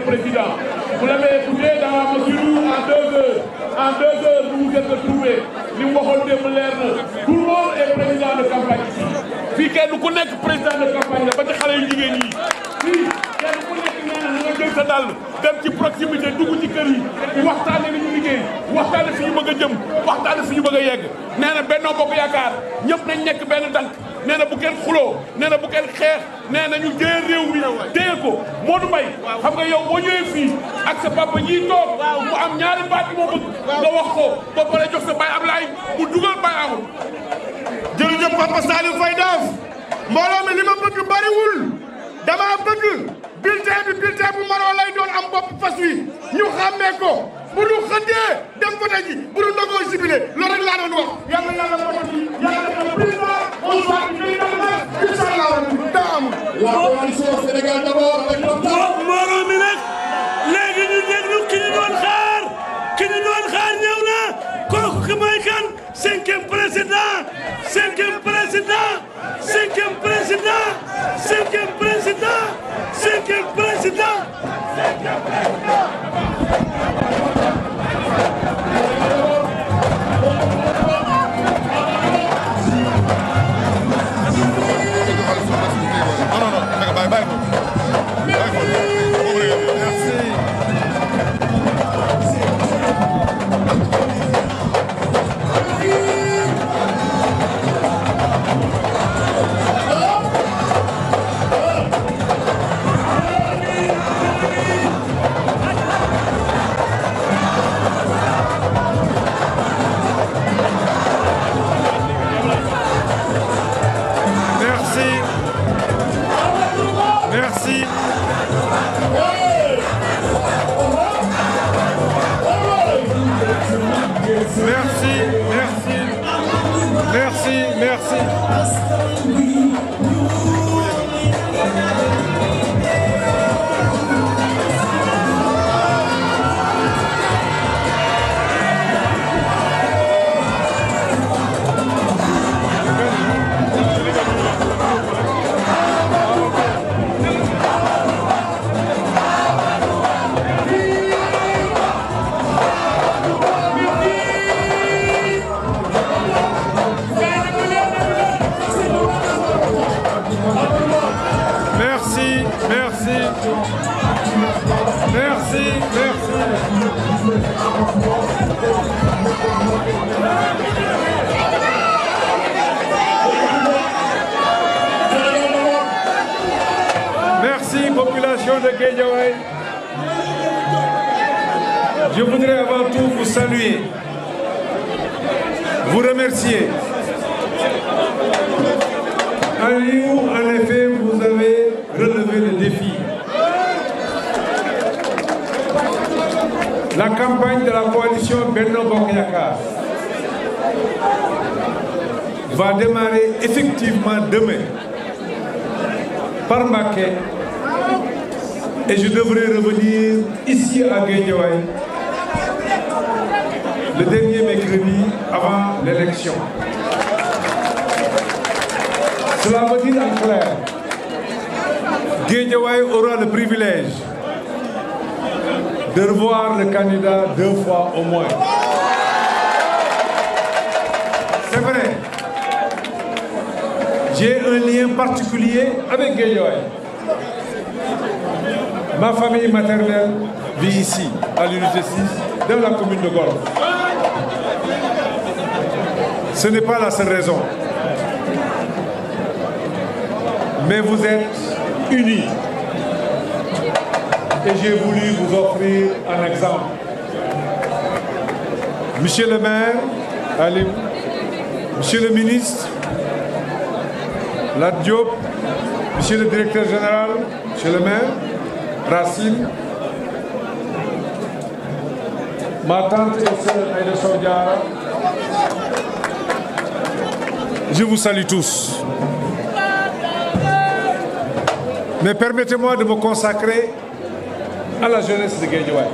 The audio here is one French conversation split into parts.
Président. Vous l'avez écouté dans la mesure où en deux heures, en deux heures, vous vous êtes retrouvés. Nous moulins. Tout le monde est président de campagne ici. Si quelqu'un connaît le président de campagne, il n'y a pas de jigéen Si quelqu'un connaît le président de campagne, dem ci proximité dugg ci kër yi waxtaane ñu liggéey waxtaane fi ñu bëgg a jëm waxtaane fi ñu bëgg a yegg nee na Benno Bokk Yaakaar ñëpp nañ nekk benn tànk nee na bu kenn xuloo nee na xeex nee na ñu jëye réew mi téye ko Modou Mbaye xam nga yow boo ñëwee fii ak sa papa ñiy toog mu am ñaari baat moo bëgg nga wax ko ba pare jox sa Baye Ablaye mu dugal Baye amul jërëjëf Papa Saliou Faye Daaf mbooloo li ma bëgg bariwul dama bëgg bulletin bi bulletin bu lay doon am bopp fas wi ñu xàmmee ko bu ñu xëddee dem vote ji bu ñu nangoo sibile loolu rek laa doon wax yàlla yàlla vote bi yàlla def président Ousmane Gueye Dane incha allah daa amul. la coalition Sénégal d'abord avec de je voudrais avant tout vous saluer, vous remercier. où en effet, vous avez relevé le défi. La campagne de la coalition Benno Bokyaka va démarrer effectivement demain par Maquet et je devrais revenir ici à Guédiawaye le dernier mercredi avant l'élection. Cela veut dire en clair, aura le privilège de revoir le candidat deux fois au moins. C'est vrai. J'ai un lien particulier avec Guédiawaye. Ma famille maternelle vit ici, à l'unité 6, dans la commune de Gorle. Ce n'est pas la seule raison. Mais vous êtes unis. Et j'ai voulu vous offrir un exemple. Monsieur le maire, allez Monsieur le ministre, la Diop, monsieur le directeur général, monsieur le maire, Racine. Ma tante et Je vous salue tous. Mais permettez-moi de me consacrer à la jeunesse de Guédiouaï.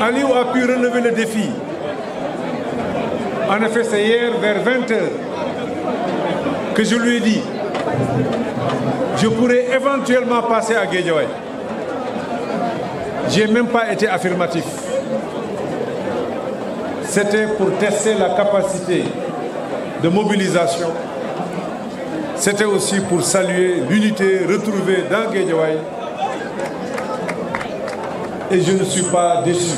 Aliou a pu relever le défi. En effet, c'est hier vers 20h que je lui ai dit, je pourrais éventuellement passer à Guédiawaye. Je n'ai même pas été affirmatif. C'était pour tester la capacité de mobilisation. C'était aussi pour saluer l'unité retrouvée dans Guédiawaye. Et je ne suis pas déçu.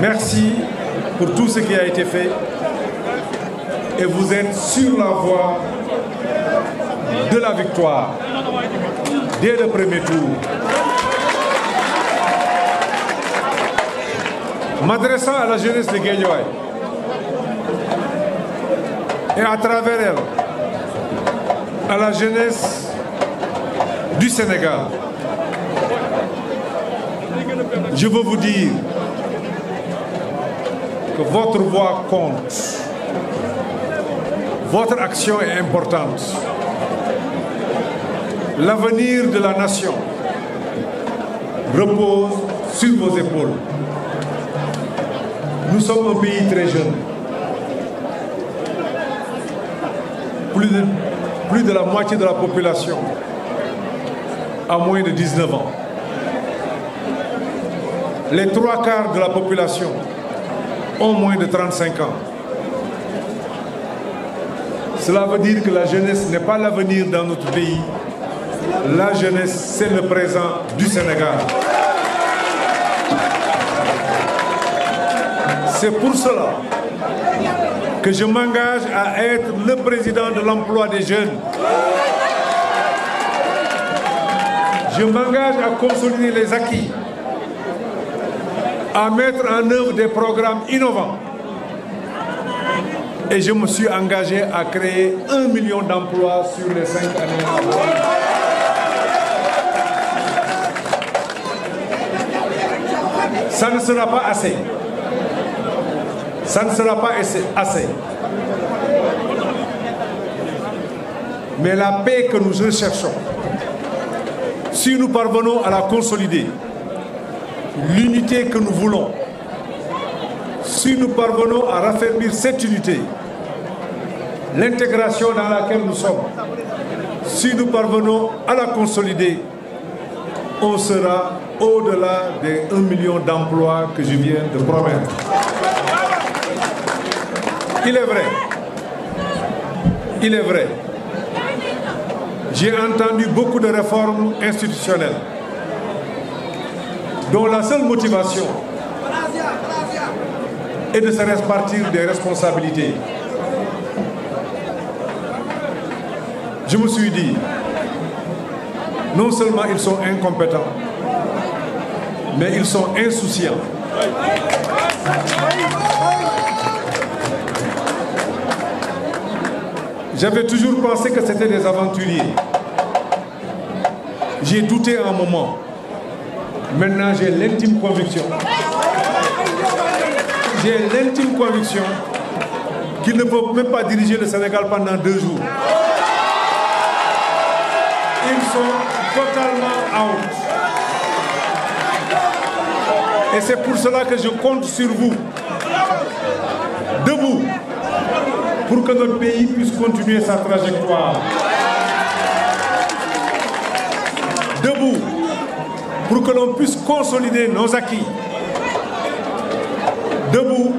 Merci pour tout ce qui a été fait et vous êtes sur la voie de la victoire dès le premier tour. M'adressant à la jeunesse de Guédiouaï et à travers elle, à la jeunesse du Sénégal, je veux vous dire que votre voix compte. Votre action est importante. L'avenir de la nation repose sur vos épaules. Nous sommes un pays très jeune. Plus de, plus de la moitié de la population a moins de 19 ans. Les trois quarts de la population ont moins de 35 ans. Cela veut dire que la jeunesse n'est pas l'avenir dans notre pays. La jeunesse, c'est le présent du Sénégal. C'est pour cela que je m'engage à être le président de l'emploi des jeunes. Je m'engage à consolider les acquis, à mettre en œuvre des programmes innovants et je me suis engagé à créer un million d'emplois sur les cinq années Ça ne sera pas assez. Ça ne sera pas assez. Mais la paix que nous recherchons, si nous parvenons à la consolider, l'unité que nous voulons, si nous parvenons à raffermir cette unité, l'intégration dans laquelle nous sommes, si nous parvenons à la consolider, on sera au-delà des 1 million d'emplois que je viens de promettre. Il est vrai, il est vrai, j'ai entendu beaucoup de réformes institutionnelles dont la seule motivation de se partir des responsabilités. Je me suis dit, non seulement ils sont incompétents, mais ils sont insouciants. J'avais toujours pensé que c'était des aventuriers. J'ai douté un moment. Maintenant, j'ai l'intime conviction j'ai l'intime conviction qu'il ne peuvent même pas diriger le Sénégal pendant deux jours. Ils sont totalement out. Et c'est pour cela que je compte sur vous, debout, pour que notre pays puisse continuer sa trajectoire. Debout, pour que l'on puisse consolider nos acquis debout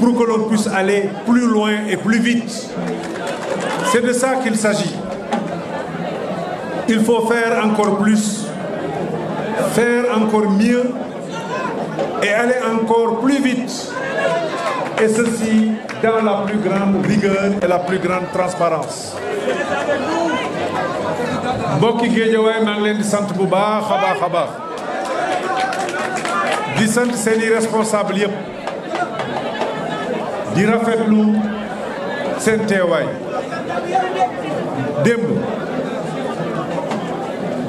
pour que l'on puisse aller plus loin et plus vite. C'est de ça qu'il s'agit. Il faut faire encore plus, faire encore mieux et aller encore plus vite. Et ceci dans la plus grande rigueur et la plus grande transparence. Manglen di responsable di rafetlu seen teewaay démb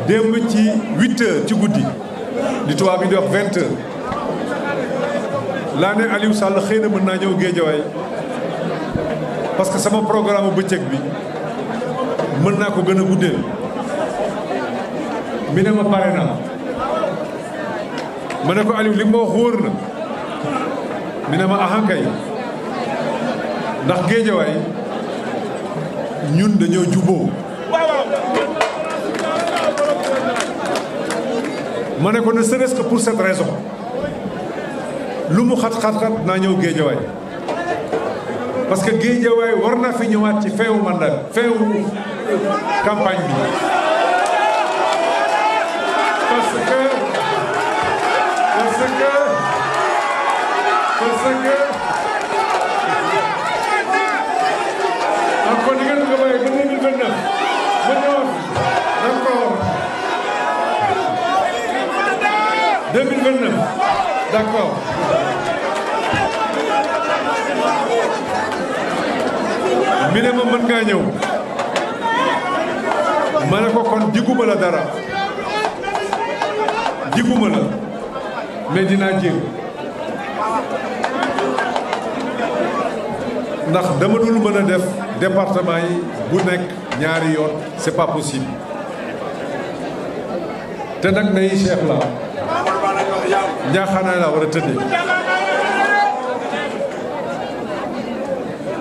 démb ci huit ci guddi di wax vingt heures laa ne Aliou Sall xëy na mën naa ñëw géejawaay parce que sama programme bëccëg bi mën naa ko gën a guddeel mi ne ma pare naa ma ne ko Aliou li ma wax na mi ne ndax géejawaay ñun dañoo juboo ma ne ko ne serait-ce pour cette raison lu mu xat-xat-xat naa ñëw géejawaay parce que géejawaay war naa fi ñëwaat ci feewu mandat feewu campagne bi parce que parce que D'accord. ne ma mën ngaa ñëw ma ne ko kon jiguma la dara jiguma la mais dinaa jéem ndax dama dul mën a def département yi bu nekk ñaari yoon c'est pas possible te nag nay Cheikh la njaaxaanaay laa war a tëddee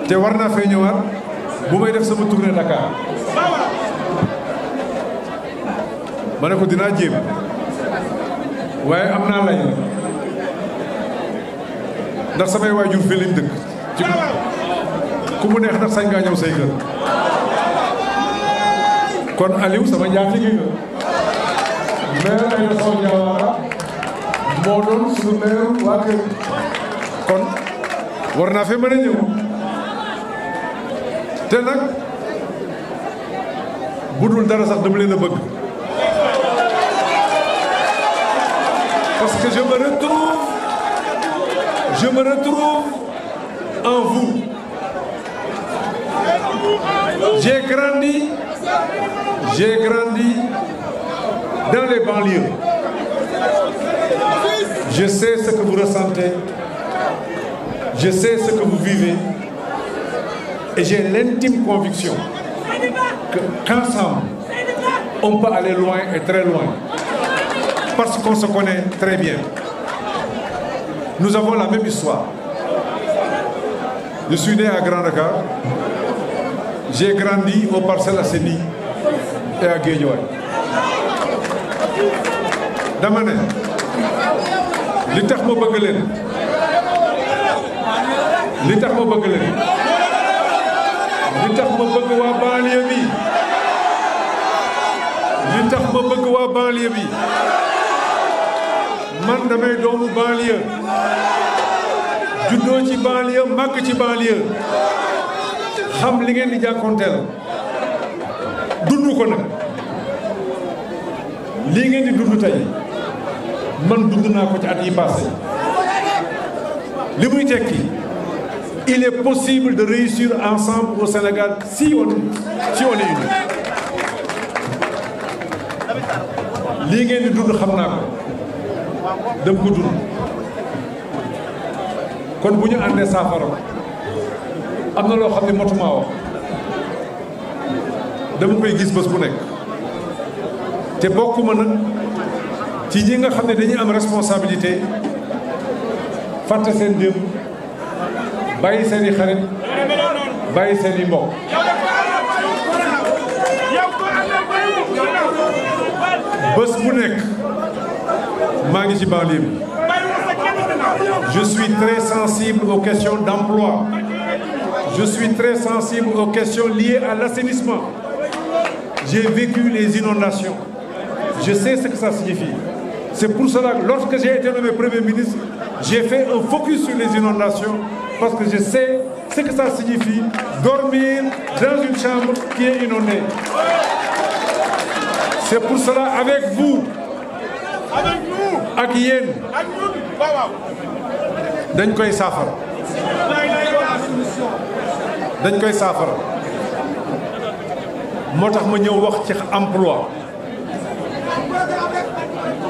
te war naa fee ñëwaat bu may def sama tournée Dakar ma ko dinaa jéem waaye am naa lay ndax samay waajur fii dëkk ci ku neex ndax sañ ngaa ñëw say kër kon Aliou sama njaatige nga mais Aliou sama njaawaara moo doon suñu meeru waa kon warna naa fee mën a ñëw te dara sax dama leen bëgg parce que je me retrouve je me retrouve en vous j'ai grandi j'ai grandi dans les banlieues je sais ce que vous ressentez. Je sais ce que vous vivez. Et j'ai l'intime conviction qu'ensemble, on peut aller loin et très loin. Parce qu'on se connaît très bien. Nous avons la même histoire. Je suis né à Grand regard J'ai grandi au à Asseni et à Guéjoy. Damane. li tax ma bëgg leen li tax ma bëgg waa banlieue bi li tax ma bëgg waa banlieue bi man damay doomu banlieue juddoo ci banlieue màgg ci banlieue xam li ngeen di jànkonteel dund ko nag lii ngeen di dund tey man dund naa ko ci at yi passé li muy tekki il est possible de réussir ensemble au Sénégal si on si on est unis lii ngeen di dund xam naa ko dem ko dund kon bu ñu àndee saafara am na loo xam ne motuma wax dama koy gis bés bu nekk te bokkuma nag ci ñi nga dañuy responsabilité xarit je suis très sensible aux questions d'emploi je suis très sensible aux questions liées à l'assainissement j'ai vécu les inondations je sais ce que ça signifie c'est pour cela que lorsque j'ai été nommé Premier ministre, j'ai fait un focus sur les inondations parce que je sais ce que ça signifie dormir dans une chambre qui est inondée. C'est pour cela, avec vous, avec nous, à qui Safar, koy emploi.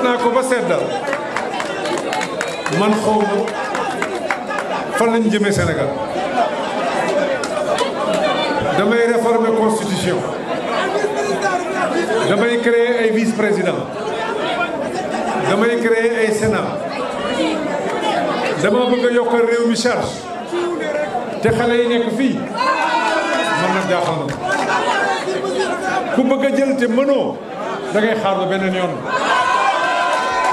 seet naa ko ba seet daal man xaw ma fan lañu jëmee Sénégal damay réformer constitution damay créer ay vice président damay créer ay sénat dama bëgg a yokkal réew mi charge te xale yi nekk fii man nag jaaxal na ku bëgg a jël te mënoo da ngay xaar ba beneen yoon.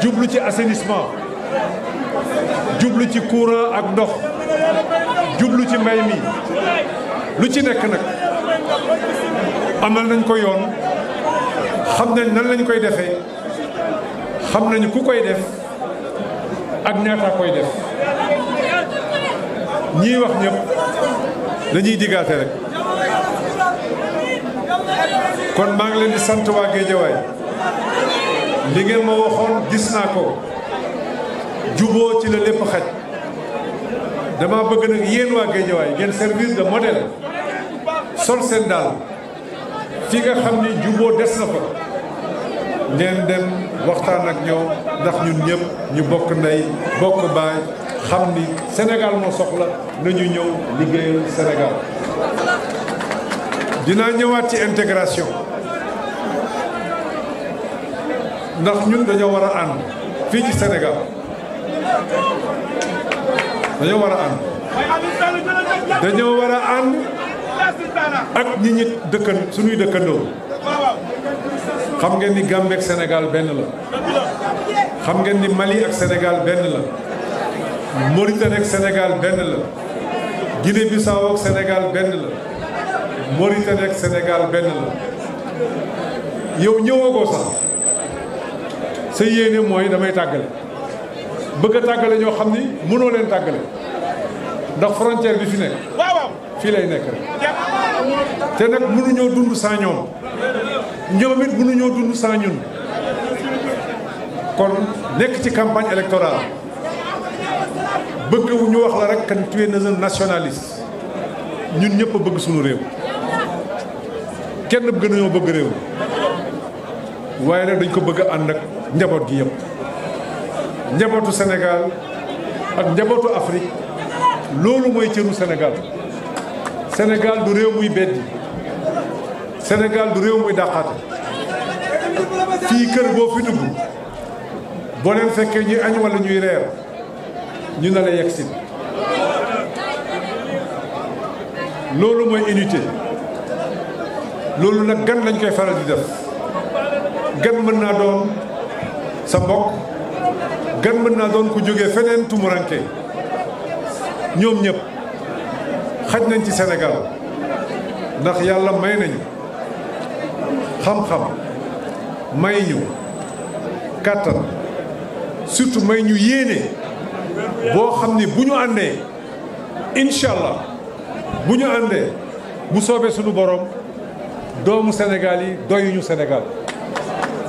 jublu ci assainissement jublu ci courant ak ndox jublu ci mbay mi lu ci nekk nag amal nañ ko yoon xam nañ nan lañ koy defee xam nañu ku koy def ak ñaata koy def ñii wax ñëpp dañuy diggaate rek kon maa ngi leen di sant waa Géejawaay li ngeen ma waxoon gis naa ko juboo ci la lépp xaj dama bëgg nag yéen waa Géejawaay ngeen service de modèle sol seen daal fi nga xam ni juboo des na fa ngeen dem waxtaan ak ñëw ndax ñun ñëpp ñu bokk ndey bokk baay xam ni Sénégal moo soxla nañu ñëw liggéeyal Sénégal dinaa ñëwaat ci intégration ndax ñun dañoo war a ànd fii ci Sénégal dañoo war a ànd dañoo war a ànd ak ñi ñi dëkkan suñuy dëkkandoo xam ngeen ni Gambie ak benn la xam ngeen ni Mali ak Sénégal benn la Mauritanie ak Sénégal benn la Guinée Bissau ak Sénégal benn la Mauritanie ak senegaal benn la yow ñëwagoo sax sa yéene mooy damay tàggale bëgg tàggale ñoo xam ni mënoo leen tàggale ndax frontière bi fi ne fii lay nekk rek te nag mënuñoo dund sans ñoom ñoom it mënuñoo dund sans ñun kon nekk ci campagne électorale bëgg wu ñu wax la rek kan tu nationaliste ñun ñëpp bëgg suñu réew kenn gën a ñoo bëgg réew waaye nag dañ ko bëgg a njaboot gi yëpp njabootu Sénégal ak njabootu Afrique loolu mooy cëru Sénégal Sénégal du réew muy beddi Sénégal du réew muy dàqaate fii kër boo fi dugg boo leen fekkee ñuy añ wala ñuy reer ñu ne la loolu mooy unité loolu nag gan lañ koy faral di def gën mën naa doon sa mbokk gën mën naa doon ku jógee feneen tumuranke ñoom ñëpp xaj nañ ci senegal ndax yàlla may nañu xam-xam may ñu kàttan surtout may ñu yéene boo xam ni bu ñu àndee incha allah bu ñu àndee bu soobee sunu borom doomu Sénégal yi doyuñu Sénégal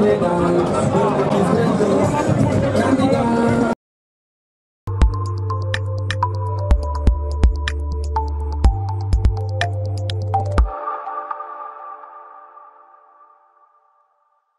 I'm Thank you.